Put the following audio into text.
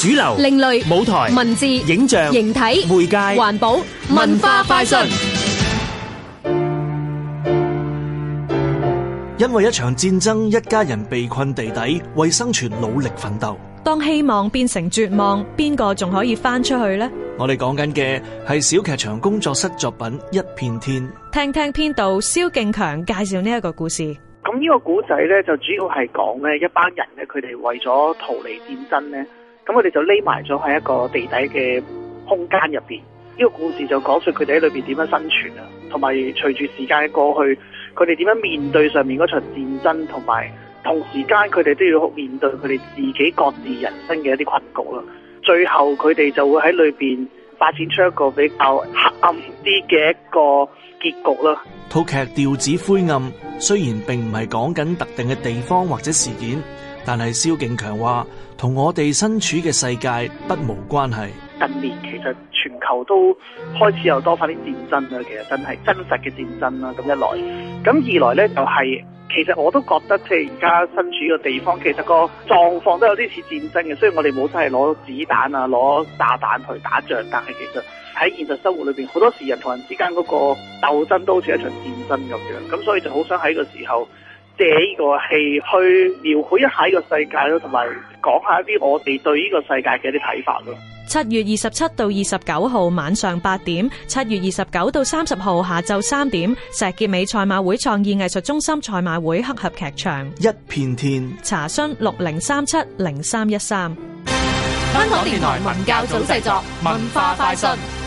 主流、另類舞台、文字、影像、形體、媒介、環保、文化快訊。因為一場戰爭，一家人被困地底，為生存努力奮鬥。當希望變成絕望，邊個仲可以翻出去呢？我哋講緊嘅係小劇場工作室作品《一片天》，聽聽編導蕭敬強介紹呢一個故事。咁呢個古仔咧，就主要係講咧一班人咧，佢哋為咗逃離戰爭咧。咁佢哋就匿埋咗喺一個地底嘅空間入邊，呢個故事就講述佢哋喺裏邊點樣生存啊，同埋隨住時間嘅過去，佢哋點樣面對上面嗰場戰爭，同埋同時間佢哋都要面對佢哋自己各自人生嘅一啲困局啦。最後佢哋就會喺裏邊發展出一個比較黑暗啲嘅一個結局啦。套劇調子灰暗。雖然並唔係講緊特定嘅地方或者事件，但係蕭敬強話，同我哋身處嘅世界不無關係。近年其實全球都開始有多返啲戰爭啦，其實真係真實嘅戰爭啦。咁一來，咁二來呢，就係、是、其實我都覺得即係而家身處個地方，其實個狀況都有啲似戰爭嘅。雖然我哋冇真係攞子彈啊、攞炸彈去打仗，但係其實喺現實生活裏邊，好多時人同人之間嗰個鬥爭都好似一場戰爭咁樣。咁所以就好想喺個時候，借呢個戲去描繪一下呢個世界咯，同埋講下一啲我哋對呢個世界嘅一啲睇法咯。七月二十七到二十九號晚上八點，七月二十九到三十號下晝三點，石硤尾賽馬會創意藝術中心賽馬會黑盒劇場，一片天，查詢六零三七零三一三。香港電台文教組製作，文化快訊。